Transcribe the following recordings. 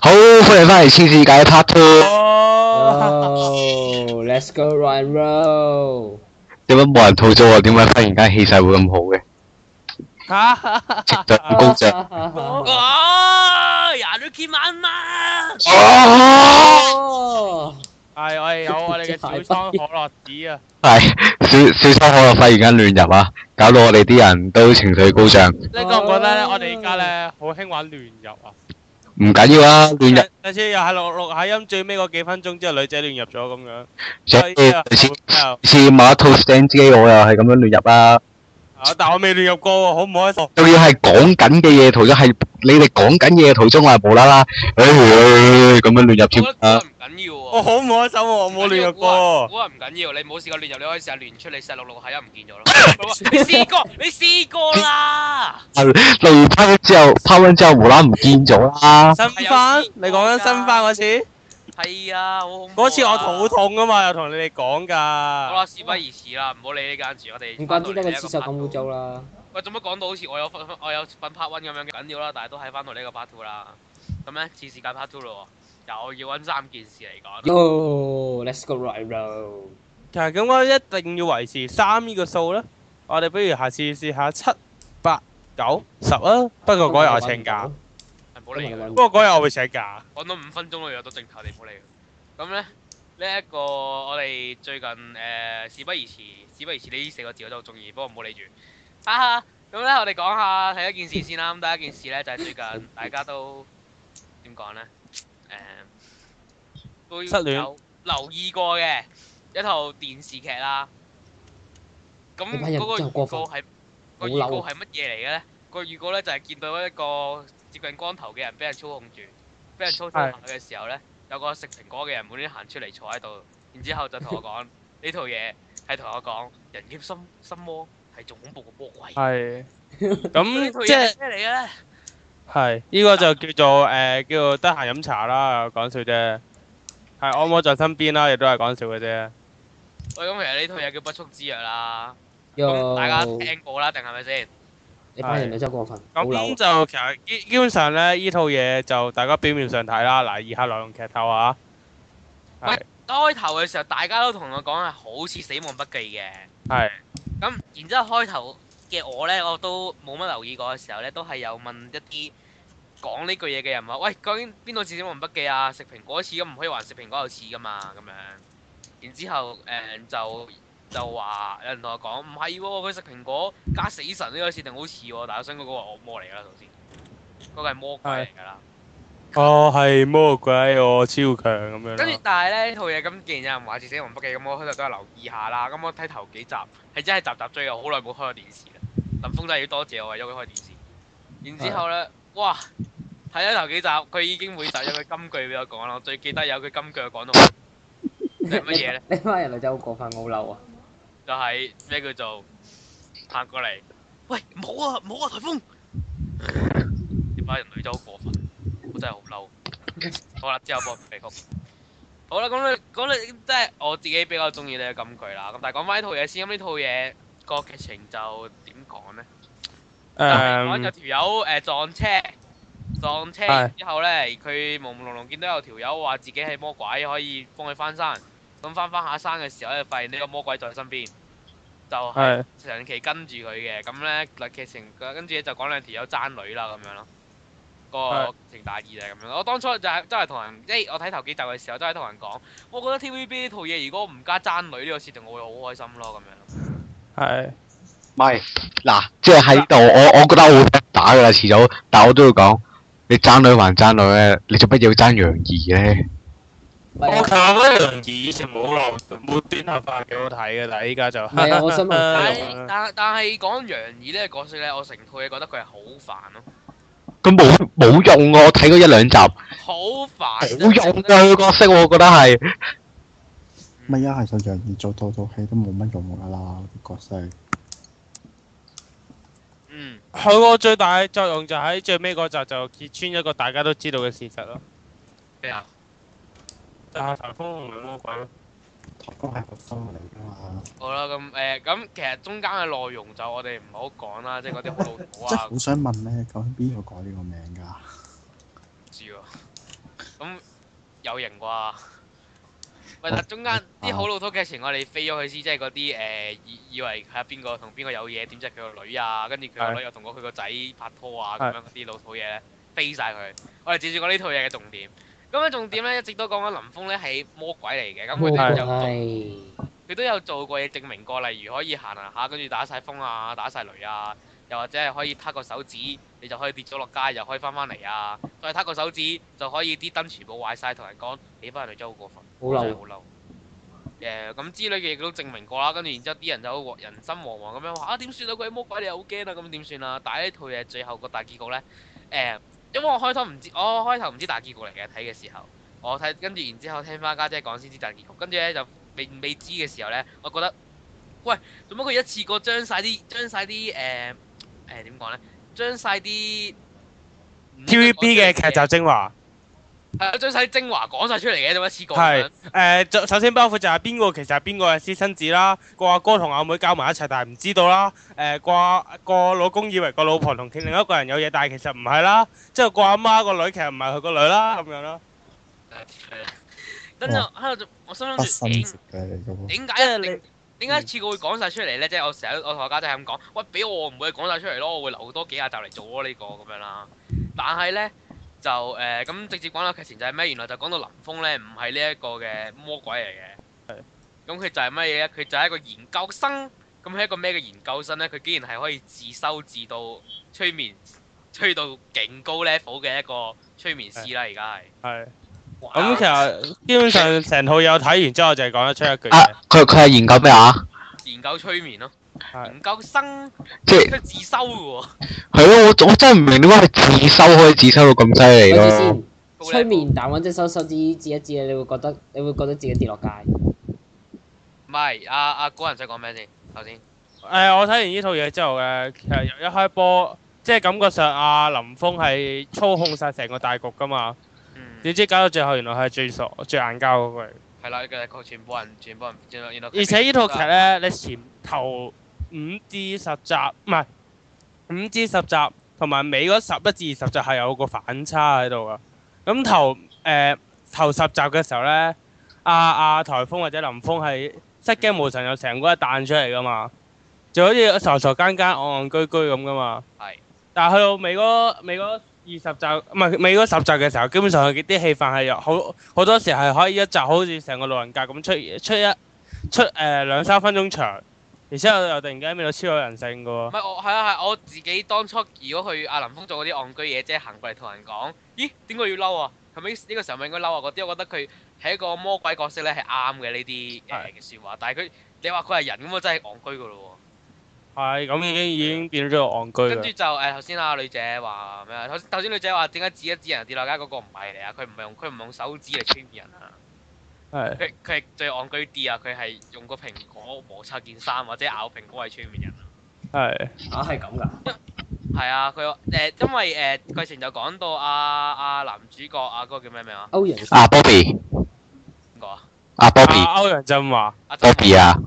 好，歡迎返嚟千始加一 part。Let's go run and roll。點解冇人吐槽？啊？點解忽然間氣勢會咁好嘅？啊！情緒高漲。啊！廿幾萬蚊。啊！係我有我哋嘅小生可樂子啊。係小小生可樂忽然間亂入啊，搞到我哋啲人都情緒高漲。你覺唔覺得我哋而家咧好興玩亂入啊？唔緊要啦，亂入。上次又係錄錄下音，最尾嗰幾分鐘之後，女仔亂入咗咁樣。所以，試下試下買套 stand 機我又係咁樣亂入啦，啊。但係我未亂入過，好唔開心。仲要係講緊嘅嘢途中，係你哋講緊嘢途中啊，無啦啦，咁樣亂入住。唔緊要啊。我好唔開心啊，我冇亂入過。唔緊要，你冇試過亂入，你可以試下亂出，你細路路下又唔見咗啦。你試過？你試過啦。例如拋咗之後，拋咗之後無啦啦唔見咗啦。新番？你講緊新番嗰次？係啊，好恐怖啊！嗰次我肚痛啊嘛，又同你哋講噶。好啦，事不宜遲啦，唔好理呢間住我哋。唔關呢間嘅廁所咁污糟啦。喂，做乜講到好似我有份我有份 part one 咁樣嘅？緊要啦，但係都喺翻到呢個 part two 啦。咁樣，次次計 part two 咯，又要揾三件事嚟講。哦，Let's go right round。就係咁啦，一定要維持三呢個數啦。我哋不如下次試下七、八、九、十啊。不過嗰日我請假。不過嗰日我會請假。講到五分鐘啦，我都靜下地唔好理。咁咧呢一個我哋最近誒，事不宜遲，事不宜遲呢四個字我都好中意，不過唔好理住。哈哈，咁咧我哋講下睇一件事先啦。咁第一件事咧就係最近大家都點講咧？誒，都有留意過嘅一套電視劇啦。咁嗰個預告係，個預告係乜嘢嚟嘅咧？個預告咧就係見到一個。接近光頭嘅人俾人操控住，俾人操控下嘅時候咧，有個食蘋果嘅人無端端行出嚟坐喺度，然之後就同我講呢套嘢係同我講人嘅心，心魔係仲恐怖過魔鬼。係，咁呢套嘢係咩嚟嘅咧？係呢個就叫做誒叫得閒飲茶啦，講笑啫。係按摩在身邊啦，亦都係講笑嘅啫。喂，咁其實呢套嘢叫不速之約啦，咁大家聽過啦，定係咪先？你班人你真過分，咁就其實基基本上咧，呢套嘢就大家表面上睇啦。嗱，以下內容劇透啊！喂，開頭嘅時候大家都同我講係好似《死亡筆記》嘅是，係。咁然之後開頭嘅我咧，我都冇乜留意過嘅時候咧，都係有問一啲講呢句嘢嘅人話，喂，究竟邊度似《死亡筆記》啊？食蘋果似？咁唔可以還食蘋果又似噶嘛？咁樣。然之後誒、嗯、就。就話有人同我講唔係喎，佢食、哦、蘋果加死神呢個設定好似喎，但係我想嗰個惡魔嚟噶啦，首先，嗰個係魔鬼嚟噶啦。是是哦，係魔鬼，我超強咁樣。跟住但係呢套嘢咁，既然有人話《死亡筆記》，咁我開頭都係留意下啦。咁我睇頭幾集係真係集集追，我好耐冇開過電視啦。林峰仔要多謝我，因為開電視。然之後咧，的哇！睇咗頭幾集，佢已經每集有句金句俾我講啦。我最記得有句金句講到乜嘢咧？ 呢班人女仔好過分，好嬲啊！就係咩叫做行過嚟？喂，唔好啊唔好啊！颱風，啲班人類真係好過分，我真係好嬲。好啦，之後播尾曲。好啦，咁你咁你即係我自己比較中意呢個金句啦。咁但係講翻呢套嘢先。咁呢套嘢個劇情就點講咧？誒，有條友誒撞車，撞車之後咧，佢朦朦朧朧見到有條友話自己係魔鬼，可以幫佢翻山。咁翻翻下山嘅時候咧，發現呢個魔鬼在身邊。就係長期跟住佢嘅，咁的呢，嗱劇情跟住就講兩條友爭女啦咁樣咯。個情的大意就係咁樣，我當初就係真係同人，即、欸、係我睇頭幾集嘅時候真係同人講，我覺得 TVB 呢套嘢如果唔加爭女呢個事情，我會好開心咯咁樣。係的。咪嗱，即係喺度，我我覺得我會打噶啦，遲早，但我都要講，你爭女還爭女咧，你做乜要爭楊怡呢？我靠！咩楊怡以前冇落，冇短頭髮幾好睇㗎喇，但係依家就係啊！我心諗，但但係講楊怡呢個角色咧，我成套嘢覺得佢係好煩咯。佢冇冇用噶，我睇過一兩集。好煩。好用噶佢角色，我覺得係。咪一係就楊怡做多套戲都冇乜用噶啦，啲角色。嗯，佢個最大作用就喺最尾嗰集就揭穿一個大家都知道嘅事實咯。咩啊？但係颱風唔係魔鬼咯，颱風係個風嚟噶嘛。好啦，咁誒咁其實中間嘅內容就我哋唔好講啦，即係嗰啲好老土啊。好 想問咧，究竟邊個改呢個名噶？知喎、啊，咁有型啩？ 喂，但中間啲、啊、好老土嘅情，我哋飛咗佢先，即係嗰啲誒以以為係邊個同邊個有嘢，點知係佢個女啊？跟住佢女又同過佢個仔拍拖啊？咁的樣嗰啲老土嘢咧，飛晒佢。我哋接住講呢套嘢嘅重點。咁樣重點咧，一直都講緊林峯咧係魔鬼嚟嘅，咁佢哋就，做，佢都有做過嘢證明過，例如可以行啊下，跟住打晒風啊，打晒雷啊，又或者係可以撻個手指，你就可以跌咗落街，又可以翻返嚟啊，再撻個手指就可以啲燈全部壞晒，同人講起翻人哋真係好過分，好嬲好嬲。誒咁、yeah，之類嘅嘢都證明過啦，跟住然之後啲人就惶人心惶惶咁樣話啊，點算啊？佢魔鬼，你又好驚啊？咁點算啊？但係呢套嘢最後個大結局咧，誒、欸。因為我開頭唔知，我開頭唔知大結局嚟嘅睇嘅時候，我睇跟住然之後聽翻家姐講先知大結局，跟住咧就未未知嘅時候咧，我覺得，喂，做乜佢一次過將曬啲將曬啲誒誒點講咧，將、呃呃、曬啲 TVB 嘅劇集精華。係將晒啲精華講晒出嚟嘅，做一次過係誒，首先包括就係邊個其實係邊個嘅私生子啦。個阿哥同阿妹搞埋一齊，但係唔知道啦。誒、呃，個個老公以為個老婆同另一一個人有嘢，但係其實唔係啦。即係個阿媽個女，其實唔係佢個女啦，咁樣咯。跟住喺度，我心諗住點點解一？點解、啊啊啊啊、一次過會講晒出嚟咧？即、就、係、是、我成日，我同我家姐咁講：喂，俾我唔會講晒出嚟咯，我會留多幾廿集嚟做咯、這、呢個咁樣啦。但係咧。就誒咁、呃嗯、直接講下劇情就係咩？原來就講到林峰咧，唔係呢一個嘅魔鬼嚟嘅。係是。咁佢就係乜嘢咧？佢就係一個研究生。咁係一個咩嘅研究生咧？佢竟然係可以自修自到催眠，催到勁高 level 嘅一個催眠師啦！而家係。係。咁是 Wow, 其實基本上成套有睇完之後，就係講得出一句佢佢係研究咩啊？研究催眠咯、啊。唔夠生，即係自修嘅喎。係咯，我我真唔明點解係自修可以自修到咁犀利吹面眠或者收只修手指指一指，你會覺得你會覺得自己跌落街。唔係、啊，阿、啊、阿古人仔講咩先？頭先。誒、哎，我睇完呢套嘢之後誒，其實一開波即係感覺上阿林峰係操控晒成個大局噶嘛。嗯。點知搞到最後，原來係最傻最硬膠嗰個。係啦，佢全部人全部人，然後然而且呢套劇咧，你前頭。五至十集唔係五至十集，同埋尾嗰十一至二十集係有個反差喺度噶。咁頭誒頭十集嘅時候咧，阿阿台風或者林峯係失驚無神，又成個彈出嚟噶嘛，就好似傻傻更更戇戇居居咁噶嘛。係，但係去到尾嗰尾嗰二十集唔係尾嗰十集嘅時候，基本上佢啲氣氛係有好好多時，係可以一集好似成個路人甲咁出出一出誒兩三分鐘長。.而且又突然間變到超有人性噶喎、哦，唔係，我係啊係、啊、我自己當初如果去阿林峰做嗰啲憨居嘢啫，行過嚟同人講，咦點解要嬲啊？係咪呢個時候咪應該嬲啊？嗰啲我覺得佢係一個魔鬼角色咧，係啱嘅呢啲誒説話。但係佢你話佢係人咁啊，真係戇居噶咯喎。係咁已經已經變咗個戇居。跟住就誒頭先阿女仔話咩啊？頭頭先女仔話點解指一指人跌落街嗰個唔係你啊？佢唔係用佢唔用，用手指嚟指人啊。佢佢最憨居啲啊！佢係用個蘋果摩擦件衫或者咬蘋果係出面人啊！係啊，係咁噶，係啊，佢話誒因為誒劇情就講到阿阿男主角阿嗰個叫咩名啊？歐陽啊，Bobby 邊個啊？阿 Bobby 歐陽震華。阿 Bobby 啊？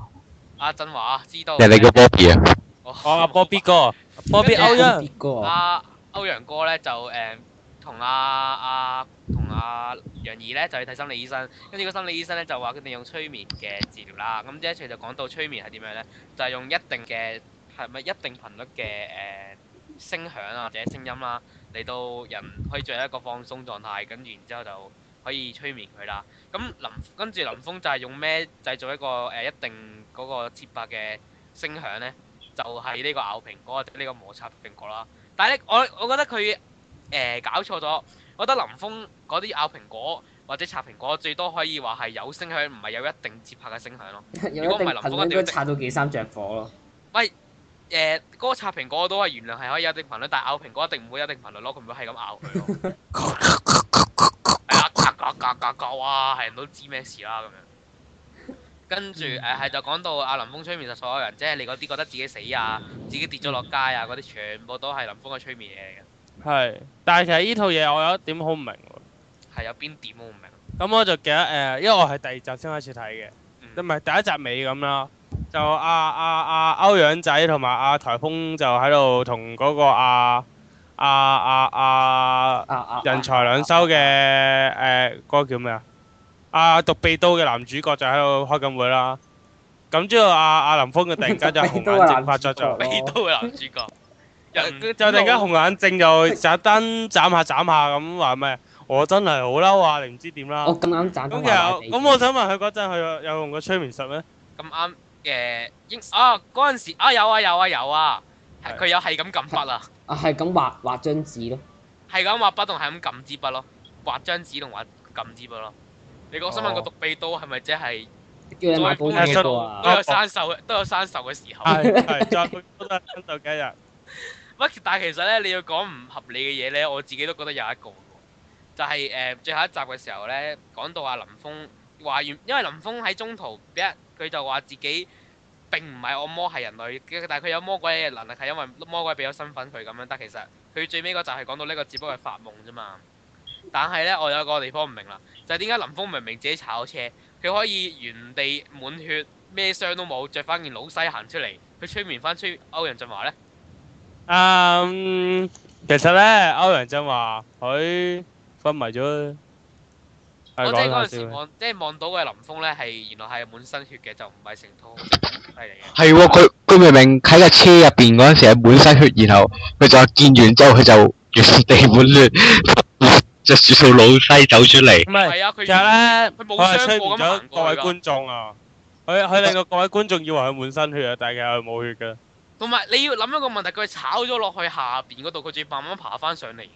阿震華知道。就你個 Bobby 啊？哦阿 Bobby 哥，Bobby 歐陽哥啊，歐陽哥咧就誒。同阿阿同阿楊怡咧就去睇心理醫生，跟住個心理醫生咧就話佢哋用催眠嘅治療啦。咁即一隨就講到催眠係點樣咧，就係、是、用一定嘅係咪一定頻率嘅誒聲響啊或者聲音啦，嚟到人可以進入一個放鬆狀態，跟住然之後就可以催眠佢啦。咁林跟住林峯就係用咩製造一個誒一定嗰個節拍嘅聲響咧？就係、是、呢個咬蘋果或者呢個摩擦蘋果啦。但係咧，我我覺得佢。誒搞錯咗，我覺得林峰嗰啲咬蘋果或者拆蘋果最多可以話係有聲響，唔係有一定節拍嘅聲響咯。如果唔係林峰，應該拆到幾三隻火咯。喂，誒嗰個拆蘋果都係原來係可以有定頻率，但咬蘋果一定唔會有定頻率咯。佢唔會係咁咬佢咯。格格格格哇！係人都知咩事啦咁樣。跟住誒係就講到阿林峰催眠，就所有人即係你嗰啲覺得自己死啊、自己跌咗落街啊嗰啲，全部都係林峰嘅催眠嘢嚟嘅。係，但係其實呢套嘢我有一點好唔明喎。係有邊點好唔明？咁、嗯、我就記得誒、呃，因為我係第二集先開始睇嘅，唔係、嗯、第一集尾咁啦。就阿阿阿歐陽仔同埋阿颱風就喺度同嗰個阿阿阿阿人財兩收嘅誒嗰個叫咩啊？阿獨臂刀嘅男主角就喺度開緊會啦。咁之後阿阿林峯嘅突然間就紅眼症發作咗獨臂刀嘅男主角」。 就就突然間紅眼症又斬燈，斬下斬下咁，話咩？我真係好嬲啊！你唔知點啦。我咁啱斬咗。咁又咁，我想問，佢嗰陣佢有用過催眠術咩？咁啱嘅應啊，嗰陣時啊有啊有啊有啊，係佢有係咁撳筆啊。啊，係咁畫畫張紙咯。係咁畫筆同係咁撳支筆咯，畫張紙同畫撳支筆咯。你講，我想問個毒鼻刀係咪即係叫你買補氣刀啊？都有生銹，都有生銹嘅時候。係係，再補都係生銹嘅日。乜？但其實咧，你要講唔合理嘅嘢咧，我自己都覺得有一個就係、是、誒、呃、最後一集嘅時候咧，講到阿林峰話完，因為林峰喺中途一佢就話自己並唔係惡魔係人類，但係佢有魔鬼嘅能力係因為魔鬼俾咗身份佢咁樣，但其實佢最尾嗰集係講到呢個只不過係發夢啫嘛。但係咧，我有一個地方唔明啦，就係點解林峰明明自己炒車，佢可以原地滿血咩傷都冇，着翻件老西行出嚟，佢催眠翻出歐陽震華咧？嗯，其實咧，歐陽震華佢昏迷咗。我即係嗰陣時望，即係望到嘅林峰咧，係原來係滿身血嘅，就唔係成套係嚟嘅。係喎，佢佢明明喺個車入邊嗰陣時係滿身血，然後佢就見完之後，佢就完地滿血，就做老細走出嚟。係啊，佢。就係咧，佢冇傷咁。各位觀眾啊，佢佢令到各位觀眾以為佢滿身血啊，但係其實係冇血噶。同埋你要諗一個問題，佢炒咗落去下邊嗰度，佢仲要慢慢爬翻上嚟，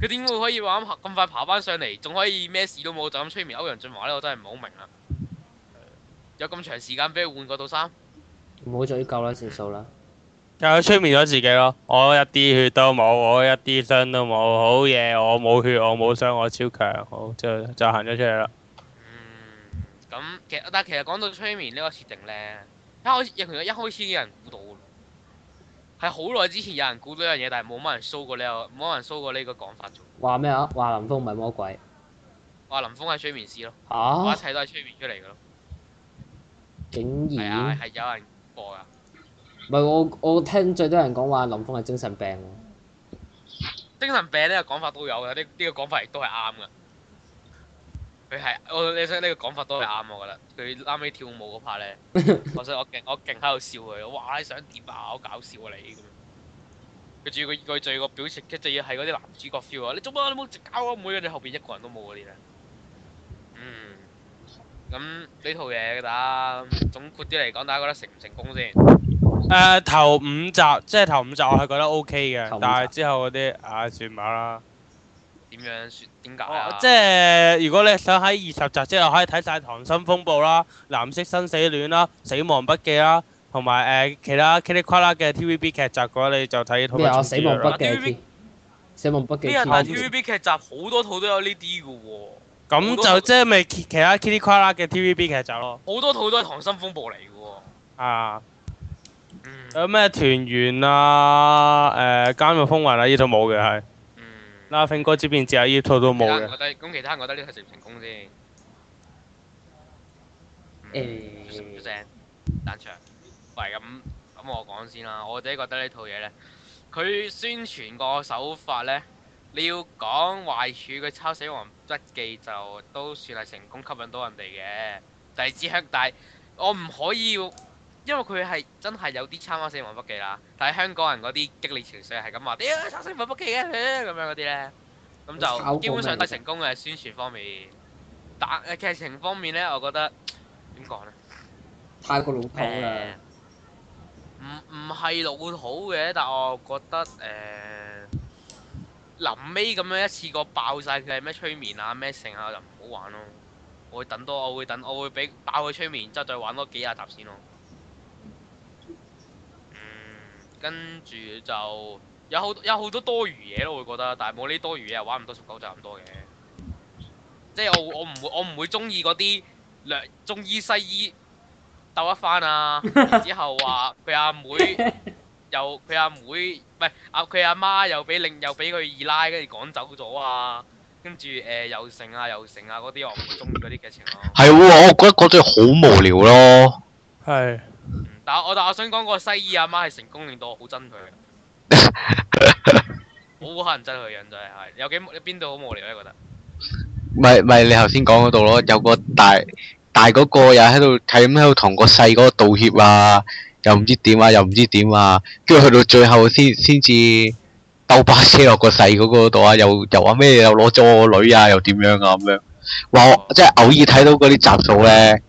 佢點會可以話咁快爬翻上嚟，仲可以咩事都冇就咁催眠歐陽俊華呢？我真係唔好明啦。有咁長時間俾佢換嗰套衫，唔好再救啦，算數啦。但佢、啊、催眠咗自己咯，我一啲血都冇，我一啲傷都冇，好嘢，我冇血，我冇傷，我超強，好就就行咗出去啦。嗯，咁其實但其實講到催眠個設呢個設定咧。一開，一開始已經有人估到嘅咯，係好耐之前有人估到樣嘢，但係冇乜人 show 過呢，冇乜人 show 過呢個講法啫。話咩啊？話林峯唔係魔鬼，話林峯係催眠師咯，話一切都係催眠出嚟嘅咯。竟然係啊！係有人播㗎。唔係我，我聽最多人講話林峯係精神病啊。精神病呢個講法都有嘅，呢呢個講法亦都係啱嘅。佢係我你想呢個講法都係啱，我覺得，佢啱尾跳舞嗰 part 咧，我想我勁我勁喺度笑佢，哇你想點啊？好搞笑啊你咁，佢仲要佢仲要個表情，佢仲要係嗰啲男主角 feel 啊，你做乜你冇搞我妹啊？你後邊一個人都冇嗰啲咧。嗯，咁呢套嘢大家總括啲嚟講，大家覺得成唔成功先？誒、呃、頭五集即係頭五集我係覺得 OK 嘅，但係之後嗰啲啊算吧啦。點樣算？點解啊？即係如果你想喺二十集之後可以睇晒《溏心風暴》啦，《藍色生死戀》啦，《死亡筆記》啦，同埋誒其他嘰哩呱啦嘅 TVB 劇集嘅話，你就睇呢套咩啊？《死亡筆記》《死亡筆記》TVB 劇集好多套都有呢啲嘅喎。咁就即係咪其其他嘰哩呱啦嘅 TVB 劇集咯？好多套都係《溏心風暴》嚟嘅喎。啊，有咩團圓啊？誒，監獄風雲啊？呢套冇嘅係。Laughing 哥，呢套都冇嘅。咁其他人覺得呢套成唔成功先？唔出聲，單場。喂，咁、嗯、咁、嗯嗯、我講先啦，我自己覺得套呢套嘢咧，佢宣傳個手法咧，你要講壞處，佢抄《死亡筆記》就都算係成功吸引到人哋嘅，就係，隻靴，但係我唔可以。因為佢係真係有啲參考《死亡筆記》啦，但係香港人嗰啲激烈情緒係咁話點樣抄《死亡筆記》嘅，咁、哎、樣嗰啲咧，咁就基本上都成功嘅宣傳方面，但誒劇情方面咧，我覺得點講咧？太過老土啦！唔唔係老土嘅，但我覺得誒臨尾咁樣一次過爆曬佢係咩催眠啊咩成啊，就唔好玩咯。我會等多，我會等，我會俾爆佢催眠，之後再玩多幾廿集先咯。跟住就有好多有好多多餘嘢咯，會覺得，但係冇呢多餘嘢玩唔到十九集咁多嘅。即係我我唔會我唔會中意嗰啲兩中醫西醫鬥一番啊，之後話、啊、佢阿妹又佢阿妹唔係啊佢阿媽又俾令又俾佢二奶跟住趕走咗啊，跟住誒、呃、又剩啊又剩啊嗰啲、啊、我唔會中意嗰啲嘅劇情、啊。係喎、哦，我覺得嗰啲好無聊咯。係。但係我但係我想講個西醫阿媽係成功令到我好憎佢，好乞人憎佢樣真係，有幾你邊度好無聊咧？覺得唔係唔係你頭先講嗰度咯，有個大大嗰個又喺度睇咁喺度同個細嗰個道歉啊，又唔知點啊，又唔知點啊，跟住去到最後先先至兜巴車落個細嗰個度啊，又又話咩又攞咗我女啊，又點樣啊咁樣，哇！即係偶爾睇到嗰啲集數咧，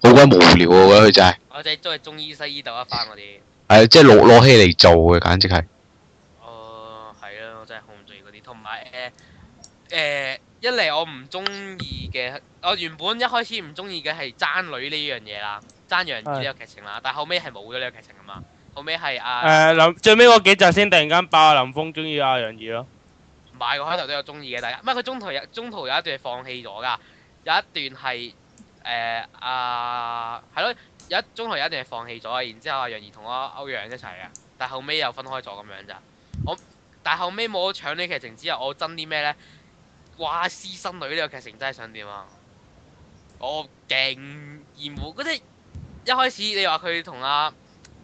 好鬼無聊，我覺得佢真係。我真係都係中醫西醫鬥一番嗰啲，係即係攞攞戲嚟做嘅，簡直係。哦，係啊！我真係好唔中意嗰啲，同埋誒誒一嚟我唔中意嘅，我原本一開始唔中意嘅係爭女呢樣嘢啦，爭楊怡呢個劇情啦，但後尾係冇咗呢個劇情啊嘛，後尾係啊誒林最尾嗰幾集先突然間爆林峰中意阿楊怡咯。唔係，我開頭都有中意嘅，大家，唔係佢中途有中途有一段係放棄咗噶，有一段係誒阿係咯。中一中途一定係放棄咗，啊，然之後啊楊怡同阿歐陽一齊啊，但係後尾又分開咗咁樣咋。我但係後尾冇搶呢個劇情之後我憎啲咩呢？哇！私生女呢個劇情真係想點啊！我勁厭惡嗰啲。一開始你話佢同阿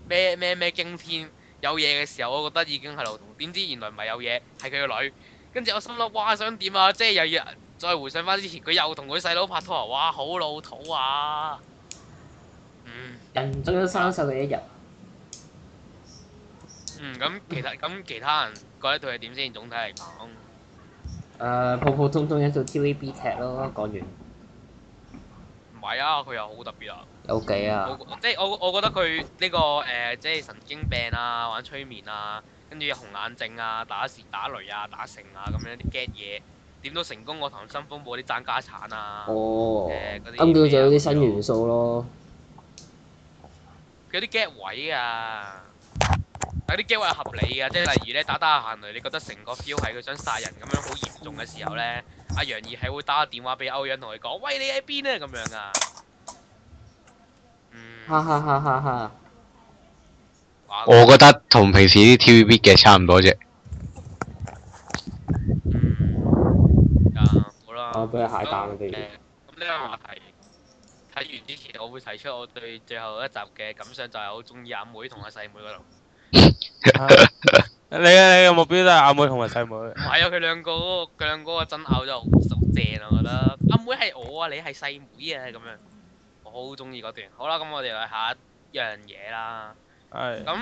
咩咩咩驚天有嘢嘅時候，我覺得已經係老土。點知原來唔係有嘢，係佢個女。跟住我心諗：哇！想點啊？即係又要再回想翻之前，佢又同佢細佬拍拖啊！哇！好老土啊！嗯，人最咗三十幾一日。嗯，咁其他咁其他人覺得佢點先？總體嚟講，誒、呃，普普通通一套 TVB 劇咯。嗯、講完。唔係啊，佢又好特別啊。有幾啊？嗯、即係我我覺得佢呢、呢個誒、呃，即係神經病啊，玩催眠啊，跟住紅眼症啊，打閃打雷啊，打成啊咁樣啲 get 嘢，點都成功過《溏心風暴》啲爭家產啊。哦。誒嗰啲。仲有啲新元素咯。有啲 get 位啊，有啲 get 位合理啊，即係例如咧打打下行雷，你覺得成個 feel 係佢想殺人咁樣好嚴重嘅時候咧，阿楊怡係會打個電話俾歐茵同佢講，喂，你喺邊啊咁樣啊，哈哈哈！哈，我覺得同平時啲 TVB 嘅差唔多啫，嗯，好啦，俾下蟹蛋啦不如，咁呢個話題。睇完之前，我會提出我對最後一集嘅感想，就係好中意阿妹同阿細妹嗰度。 你嘅目標都係阿妹同埋細妹。係啊、 哎，佢兩個，佢兩個嘅爭拗就好正啊！我覺得阿妹係我啊，你係細妹啊，咁樣我好中意嗰段。好啦，咁我哋嚟下一樣嘢啦。係是。咁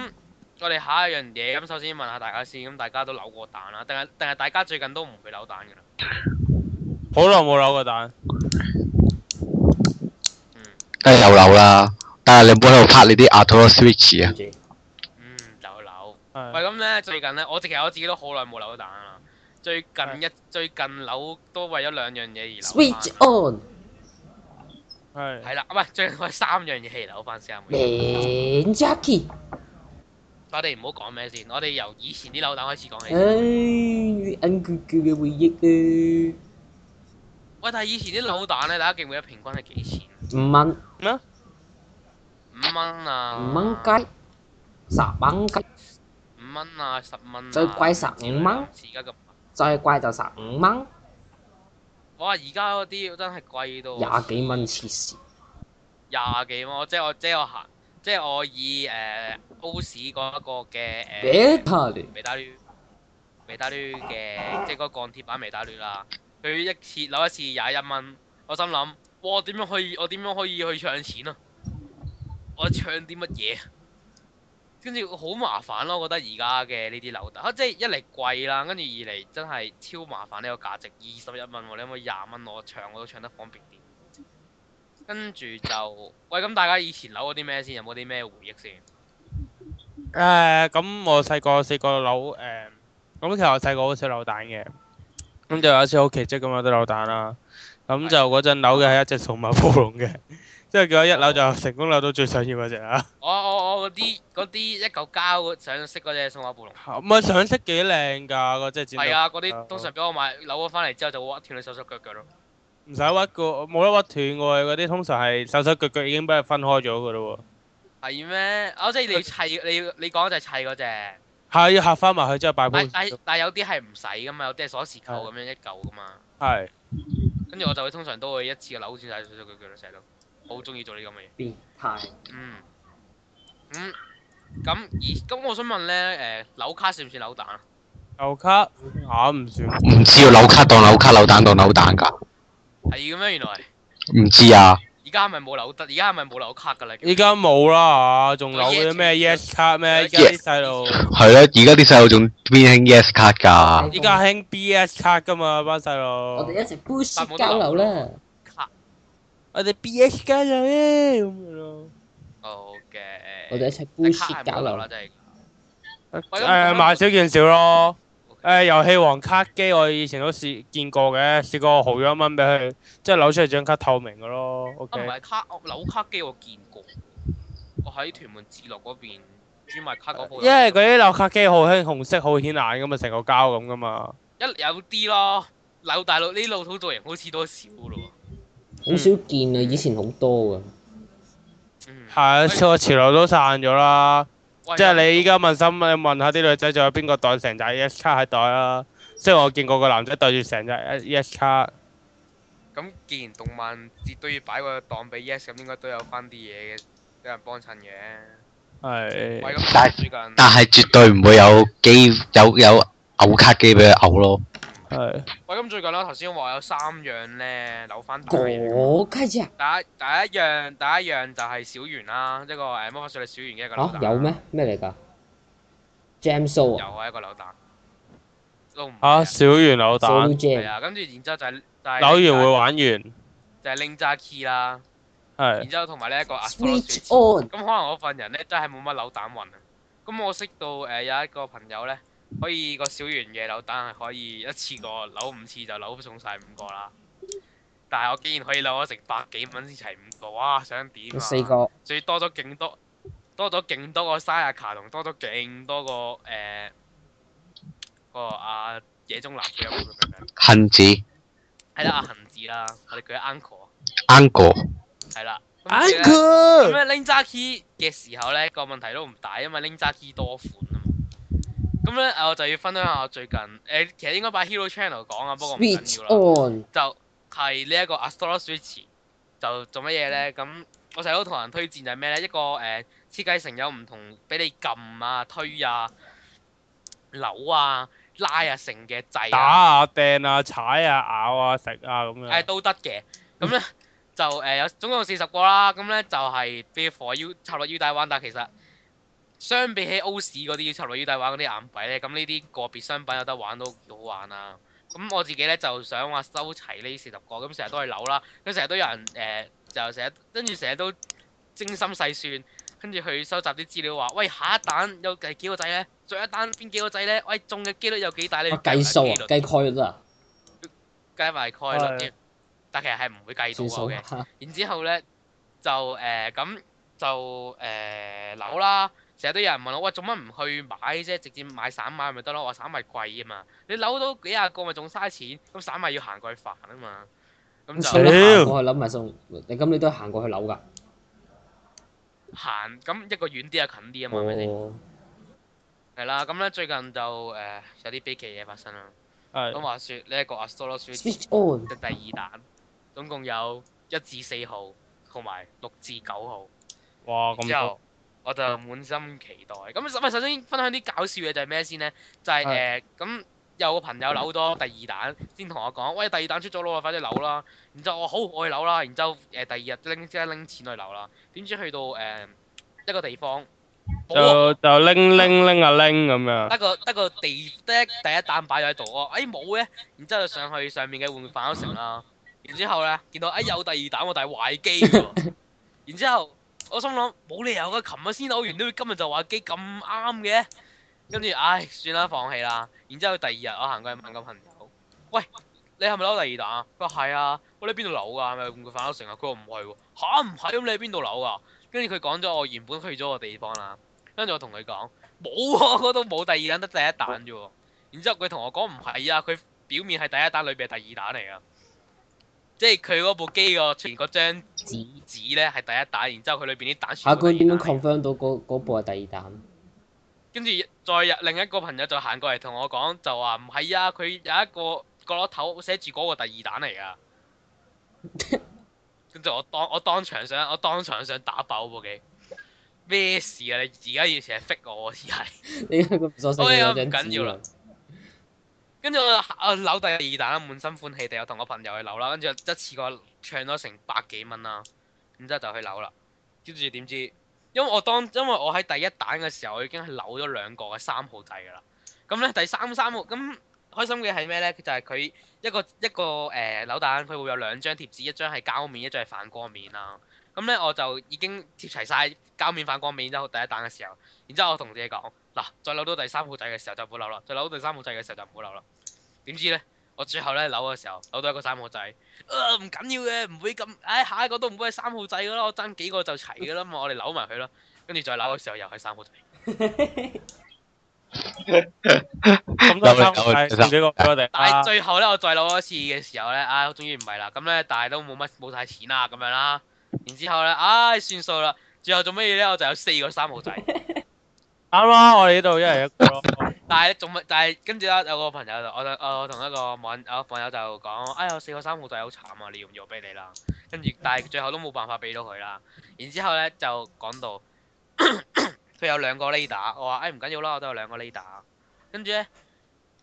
我哋下一樣嘢，咁首先問下大家先，咁大家都扭過蛋啦，定係定係大家最近都唔會扭蛋噶啦？好耐冇扭過蛋。梗係有扭啦，但係你唔好喺度拍你啲 auto switch 啊。嗯，有扭。喂，咁咧最近咧，我其實我自己都好耐冇扭蛋啦。最近一最近扭都為咗兩樣嘢而扭。Switch on。係。係啦，唔係最近我三樣嘢而扭翻四廿五。Jacky，我哋唔好講咩先，我哋由以前啲扭蛋開始講起。哎，N G G 嘅回憶嘅。喂，但係以前啲扭蛋咧，大家記唔記得平均係幾錢？五蚊咩？五蚊啊！五蚊雞，十蚊雞，五蚊啊，十蚊啊！最貴十五蚊，而家咁，再貴就十五蚊。哇！而家嗰啲真係貴到廿幾蚊一次，廿幾蚊，即係我即係我，我行，即係我以誒歐、呃、市嗰一個嘅誒，微、呃、打率，微打率，微打率嘅，即係嗰鋼鐵板微打率啦，佢一次扭一次廿一蚊，一 21, 我心諗。我點樣可以？我點樣可以去搶錢啊？我搶啲乜嘢？跟住好麻煩咯、啊，我覺得而家嘅呢啲扭蛋，即係一嚟貴啦，跟住二嚟真係超麻煩呢、呢個價值，二十一蚊喎，你可唔可以廿蚊我搶，我都搶得方便啲？跟住就喂，咁大家以前扭嗰啲咩先？有冇啲咩回憶先？誒咁、啊，我細個細個扭誒，咁、呃、其實我細個好少扭蛋嘅，咁就有一次好奇蹟咁有啲扭蛋啦。咁就嗰陣扭嘅係一隻鬆毛暴龍嘅，即係叫我一扭就成功扭到最想要嗰隻啊！我我我嗰啲嗰啲一嚿膠上色嗰隻鬆毛暴龍，唔係上色幾靚噶嗰隻？係啊，嗰啲通常俾我買扭咗翻嚟之後就會屈斷你手手腳腳咯。唔使屈過，冇得屈斷嘅喎，嗰啲通常係手手腳腳已經俾佢分開咗嘅咯喎。係咩？哦，即係你砌你你講就係砌嗰隻。係要合翻埋去之後擺盤。但但有啲係唔使噶嘛，有啲係鎖匙扣咁樣一嚿噶嘛。係。跟住我就會通常都會一次扭轉曬所有嘅嘢，成日都好中意做呢咁嘅嘢。變態。嗯。嗯。嗯。咁而咁，我想問咧誒，扭卡算唔算扭蛋扭啊？扭卡吓，唔算。唔知要扭卡當扭卡，扭蛋當扭蛋㗎。係咁咩？原來。唔知啊。而家係咪冇留得，而家係咪冇留卡噶啦？依家冇啦，仲有嗰啲咩 BS 卡咩？依家啲細路係咯，而家啲細路仲變興 BS 卡噶。依家興 BS 卡噶嘛，班細路。我哋一齊 Boost 交流啦。我哋 BS 交流啊咁樣。OK，我哋一齊 Boost 交流啦，真係。誒，買少見少咯。誒、欸、遊戲王卡機我以前都試見過嘅，試過豪咗一蚊俾佢，即係扭出嚟張卡透明嘅咯。唔、okay? 係、啊、卡扭卡機我見過，我喺屯門置樂嗰邊專賣卡，因為嗰啲扭卡機好興，紅色好顯眼噶嘛，成個膠咁噶嘛。一有啲咯，扭大陸呢路土多人好似都少咯。好少見啊！嗯、以前好多㗎。嗯。係、嗯，個潮流都散咗啦。喂即係你依家問心，你問下啲女仔仲有邊個袋成扎 E.S 卡喺袋啦、啊。即係我見過個男仔對住成扎 E.S 卡。咁既然動漫擺 ES, 是絕對要擺個檔俾 E.S，咁應該都有翻啲嘢嘅，有人幫襯嘅。係。但係最近，但係絕對唔會有機有有嘔卡機俾佢嘔咯。係，喂，咁最近咧，頭先話有三樣咧扭翻蛋嘅嘢，第一第一樣第一樣就係小圓啦，一個誒魔法少女小圓嘅一個扭蛋，吓有咩咩嚟噶？Gemso 啊，又係一個扭蛋，都唔吓小圓扭蛋，係啊，跟住然之後就係就係扭完會玩完，就係 Linker 啦，係，然之後同埋呢一個 Astro Switch On，咁可能我份人咧真係冇乜扭蛋運啊，咁我識到誒有一個朋友咧。可以個小圓嘅扭蛋係可以一次過扭五次就扭送晒五個啦，但係我竟然可以扭咗成百幾蚊先齊五個，啊，哇！想點、啊、四個，最多咗勁多，多咗勁多個沙亞卡同多咗勁多個誒、呃、個阿、啊、野中南將。恆子係啦，阿恆子啦，我哋叫 Un Uncle。Uncle 係啦，Uncle。拎 Zaki 嘅時候咧個問題都唔大，因為拎 Zaki 多款。咁咧，誒、嗯、我就要分享下我最近誒、欸，其實應該擺 Hero Channel 講啊，不過唔緊要啦。Switch on. 就係呢一個 Astro Switch 就做乜嘢咧？咁我成日都同人推薦就係咩咧？一個誒、呃、設計成有唔同俾你撳啊、推啊、扭啊、拉啊成嘅掣、啊，打啊、掟啊、踩啊、咬啊、食啊咁樣。誒都得嘅。咁咧、嗯、就誒、呃、有總共四十個啦。咁、嗯、咧就係、是、before 要插落腰帶玩，但其實～相比起歐市嗰啲插入腰帶玩嗰啲硬鬼，咧，咁呢啲個別商品有得玩都幾好玩啦、啊。咁我自己咧就想話收齊呢四十個，咁成日都係扭啦，咁成日都有人誒、呃、就成日跟住成日都精心細算，跟住去收集啲資料話，喂下一單有幾個呢有單幾個仔咧？再一單邊幾個仔咧？喂中嘅機率有幾大咧？計數啊，計概率啊，計埋概率，但其實係唔會計數嘅、啊。然之後咧就誒咁就誒扭啦。啊啊啊啊啊啊啊成日都有人問我，喂，做乜唔去買啫？直接買散買咪得咯，話散賣貴啊嘛。你扭到幾廿個咪仲嘥錢，咁散賣要行過去煩啊嘛。咁就我過諗埋送。咁你都行過去扭噶？ 行，咁一個遠啲啊，近啲啊嘛。哦。係啦，咁咧最近就誒、呃、有啲悲劇嘢發生啦。咁的話説呢一個阿 st s o r o s s 嘅第二彈，總共有一至四號同埋六至九號。號哇！咁好後。我就滿心期待咁首，咪首先分享啲搞笑嘅就係咩先呢？就係誒，咁有個朋友扭多第二彈先同我講，喂，第二彈出咗咯，我快啲扭啦。然之後我好，我去扭啦。然之後誒第二日拎即刻拎錢去扭啦。點知去到誒一個地方就就拎拎拎啊拎咁樣，得個得個地得第一彈擺咗喺度哦。哎冇嘅，然之後上去上面嘅換反咗成啦。然之後呢見到哎有第二彈喎，但係壞機喎。然之後。我心諗冇理由嘅，琴日、啊、先扭完都，今日就話機咁啱嘅，跟住唉算啦放棄啦。然之後第二日我過行過去問個朋友，喂你係咪扭第二彈？佢話係啊。喂你邊度扭噶？係咪五谷反斗城啊？佢話唔係喎，吓，唔係咁你喺邊度扭噶？跟住佢講咗我原本去咗個地方啦。跟住我同佢講冇，我都冇第二彈，得第一彈啫。然之後佢同我講唔係啊，佢表面係第一彈，裏邊係第二彈嚟啊。即係佢嗰部機個前嗰張紙紙咧係第一彈，然之後佢裏邊啲彈全部。嚇！佢點樣 confirm 到嗰部係第二彈？跟住、嗯、再入另一個朋友就行過嚟同我講，就話唔係啊，佢有一個角落頭寫住嗰個第二彈嚟㗎。跟住 我當我當場想我當場想打爆部機。咩事啊？你而家要成日逼我，而係。我唔緊要啦。 跟住我啊扭第二彈，滿心歡喜地，地又同我朋友去扭啦，跟住一次過唱咗成百幾蚊啦，然之後就去扭啦。跟住點知？因為我當因為我喺第一彈嘅時候，我已經係扭咗兩個嘅三號仔㗎啦。咁、嗯、咧第三三號咁、嗯、開心嘅係咩咧？就係、是、佢一個一個誒、呃、扭蛋，佢會有兩張貼紙，一張係膠面，一張係反光面啦。咁、嗯、咧、嗯、我就已經貼齊晒膠面、反光面。之後第一彈嘅時候，然之後我同自己講。嗱，再扭到第三號仔嘅時候就唔好扭啦，再扭到第三號仔嘅時候就唔好扭啦。點知咧，我最後咧扭嘅時候，扭到一個三號仔，呃，唔緊要嘅，唔會咁，唉、哎、下一個都唔會係三號仔噶啦，我爭幾個就齊噶啦嘛，我哋扭埋佢啦。跟住再扭嘅時候又係三號仔。咁但係最後咧，我再扭一次嘅時候咧，唉、哎，終於唔係啦，咁咧，但係都冇乜冇晒錢啦，咁樣啦。然之後咧，唉、哎，算數啦。最後做乜嘢咧？我就有四個三號仔。 啱啦，我哋呢度一人一個囉。 但係仲咪，但係跟住咧，有個朋友就，我我我同一個網啊網友就講：哎呀，四個三號仔好慘啊，你要唔要俾你啦？跟住，但係最後都冇辦法俾到佢啦。然之後咧就講到，佢 有兩個 leader，我話：哎，唔緊要啦，我都有兩個 leader。跟住咧，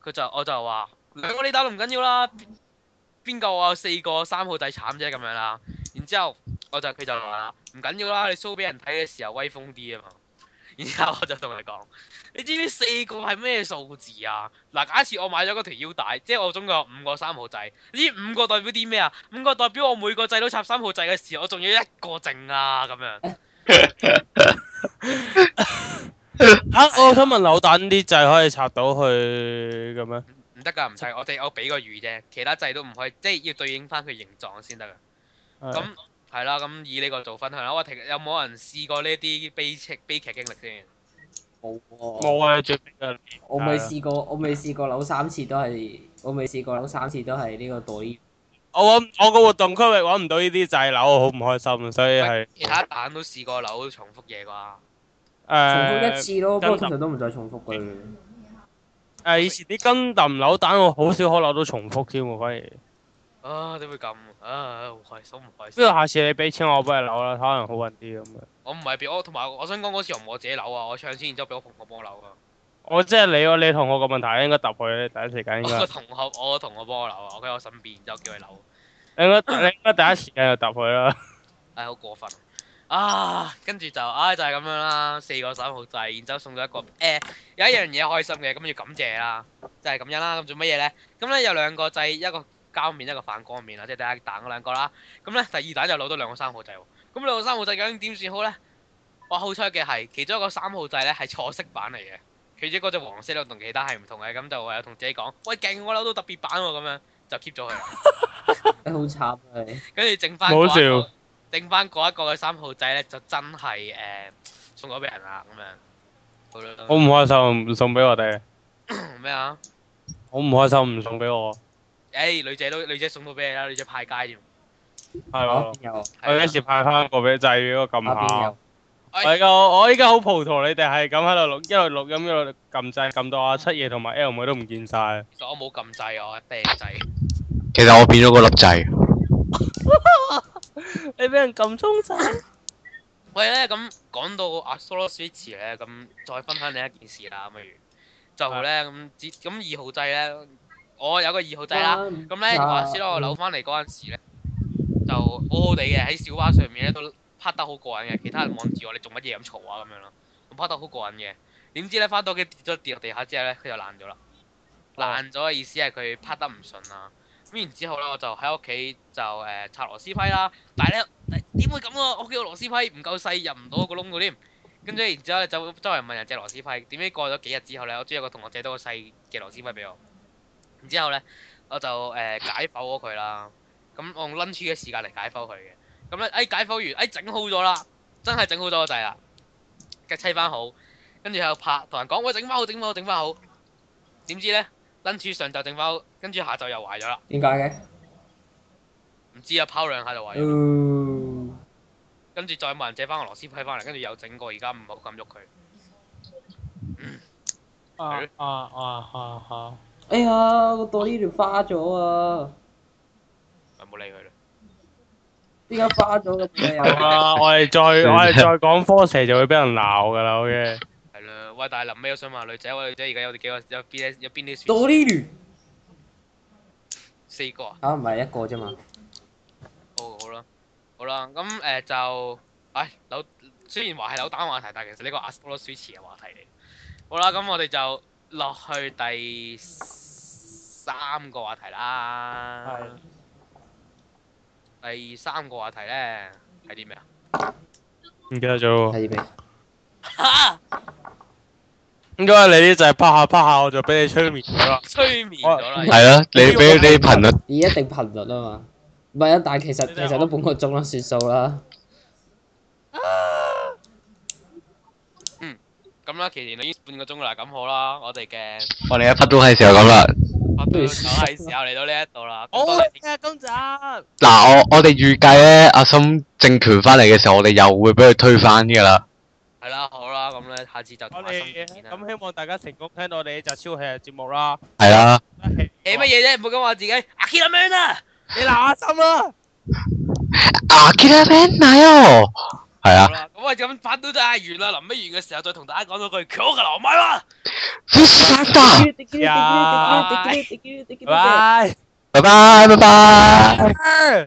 佢就我就話兩個 leader 都唔緊要啦，邊個我有四個三號仔慘啫，咁樣啦。然之後我就佢就話：唔緊要啦，你 show 俾人睇嘅時候威風啲啊嘛。然後我就同佢講，你知唔知四個係咩數字啊？嗱，假設我買咗嗰條腰帶，即係我總共有五個三號掣，呢五個代表啲咩啊？五個代表我每個掣都插三號掣嘅時候，我仲要一個淨啊，咁樣。吓、 啊，我、哦、想問扭蛋啲掣可以插到去咁樣？唔得噶，唔使我哋我俾個喻啫，其他掣都唔可以，即係要對應翻佢形狀先得噶。咁是。嗯係啦，咁以呢個做分享啦。我停，有冇人試過呢啲悲戚悲劇經歷先？冇喎。冇啊，最悲嘅。我未試過，我未試過扭三次都係，我未試過扭三次都係呢個袋我。我搵我個活動區域搵唔到呢啲掣扭，我好唔開心，所以係。其他蛋都試過扭重複嘢啩？誒、呃，重複一次咯，不過通常都唔再重複嘅。誒，以前啲金豆扭蛋我好少可扭到重複添喎，反而。啊點會咁啊好開心唔開心，不過下次你俾錢我幫你扭啦，可能好運啲咁樣。我唔係變，我同埋我想講嗰次唔係我自己扭啊，我唱先，然之後俾我同學幫我扭噶。我即係你，你同我個問題應該答佢，第一時間應該。我個同學，我個同學幫我扭啊，我喺我身邊，然之後叫佢扭。你應該你應該第一時間就答佢啦。唉，好過分啊！跟住就唉，就係咁樣啦。四個三號制，然之後送咗一個誒，有一樣嘢開心嘅，咁要感謝啦，就係咁樣啦。咁做乜嘢咧？咁咧有兩個制，一個。膠面一個反光面啦，即係第一蛋嗰兩個啦，咁咧，第二蛋就攞到兩個三號仔喎，咁兩個三號仔究竟點算好咧？哇，好彩嘅係其中一個三號仔咧係錯色版嚟嘅，佢隻嗰隻黃色咧同其他係唔同嘅，咁就唯有同自己講，喂，勁，我攞到特別版喎，咁樣就 keep 咗佢。好慘啊！跟住剩翻，唔好笑，剩翻嗰一個嘅三號仔咧就真係誒送咗俾人啦，咁樣好唔開心。唔送俾我哋咩啊？好唔開心唔送俾我。誒，女仔都女仔送到俾你啦，女仔派街添。係咯。我一時派翻一個俾掣，俾我撳下。係啊，我依家好葡萄，你哋係咁喺度錄，一路錄音一路撳掣，撳到阿七爺同埋 L 妹都唔見晒。我冇撳掣，我病仔。其實我變咗個粒掣。你俾人撳中掣？喂咧，咁講到阿 Solo Switch 咧，咁再分享另一件事啦，咁例如就咧咁，咁二號掣咧。我有個二號仔啦，咁咧話先攞個扭翻嚟嗰陣時咧，就好好地嘅喺小巴上面咧都拍得好過癮嘅，其他人望住我你做乜嘢咁嘈啊咁樣咯，咁拍得好過癮嘅，點知咧翻到屋企跌咗跌落地下之後咧佢就爛咗啦，啊、爛咗嘅意思係佢拍得唔順啊，咁然之後咧我就喺屋企就誒、呃、拆螺絲批啦，但係咧點會咁喎、啊？我屋企個螺絲批唔夠細入唔到個窿㗎添，跟住然之後咧就周圍問人借螺絲批，點知過咗幾日之後咧我知有個同學借到個細嘅螺絲批俾我。然之後咧，我就誒、呃、解剖咗佢啦。咁、嗯、我用 lunch 嘅時間嚟解剖佢嘅。咁、嗯、咧，誒解剖完，誒、哎、整好咗啦，真係整好咗個掣啦，嘅砌翻好。跟住又拍，同人講喂，整翻好，整翻好，整翻好。點知咧，lunch 上晝整翻好，跟住下晝壞、uh、又壞咗啦。點解嘅？唔知啊，拋兩下就壞咗。跟住再問人借翻個螺絲批翻嚟，跟住又整過，而家唔好咁喐佢。啊啊啊啊哎呀，我到呢段花咗啊！咪冇、啊、理佢啦。點解 花咗咁、 啊、我係再 我係再講科蛇就會俾人鬧噶啦，好嘅。係啦，喂！大林，咩尾都想問下女仔，喂，女仔而家有幾個有邊啲有邊啲選？到呢段。四個啊？啊，唔係一個啫嘛。 好，好啦，好啦，咁誒就，唉、欸，扭雖然話係扭蛋話題，但其實呢個阿斯摩多書詞嘅話題嚟。好啦，咁我哋就落去第，第。三個話題啦，第三個話題呢係啲咩啊？唔記得咗喎。係啲咩？應該你呢就係拍下拍下，我就俾你催眠咗啦。催眠咗啦。係啊，你俾你頻率以一定頻率啊嘛。唔係啊，但係其實其實都半個鐘啦，算數啦。嗯，咁啦，其實你半個鐘啦，咁好啦，我哋嘅我哋一 part 都係時候咁啦。係時候嚟到呢一度啦，好啊，工匠。嗱，我我哋預計咧，阿森政權翻嚟嘅時候，我哋又會俾佢推翻噶啦。係 啦，好啦，咁、嗯、咧，下次就睇新片啦。咁、嗯、希望大家成功聽到我哋嘅超抄嘅節目啦。係啦。寫乜嘢啫？唔好講話自己。阿杰啦咩？你鬧阿森啊？阿杰啦咩？唔係我。啊啊啊啊係 啊，咁啊咁發到真係完啦，臨尾完嘅時候再同大家講多句嘢嘅囉喂啦，Yes，拜拜拜拜。